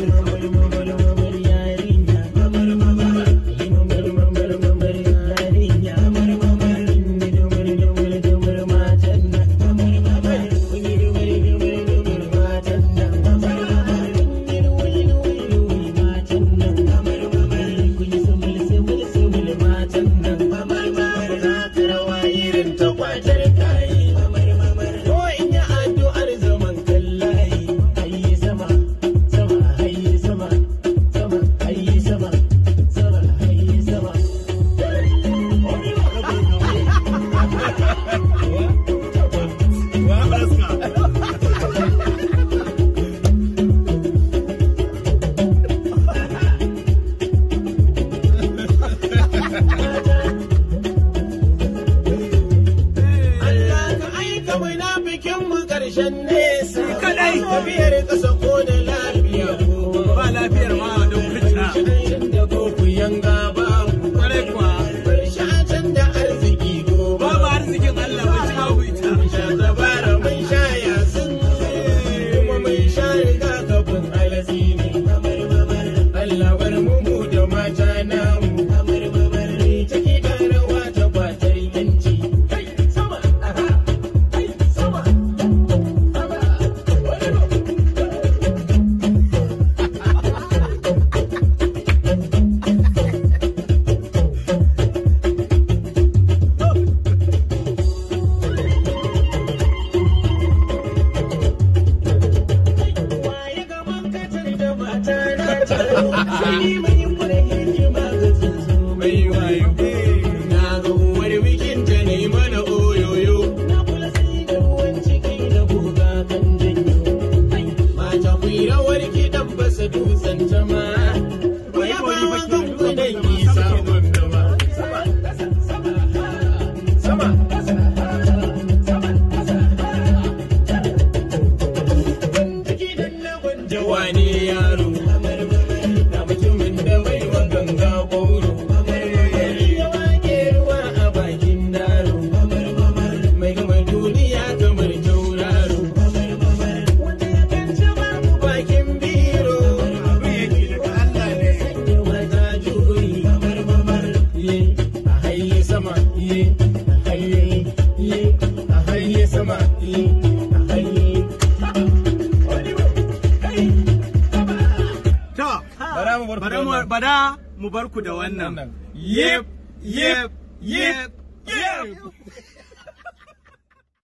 you know, you know, you know. ga bikin mu karshen nesa kadai tafiyar kasa Bye. mu bar ku da wannan. Bara mu bar ku da wannan. Yep, yep, yep, yep.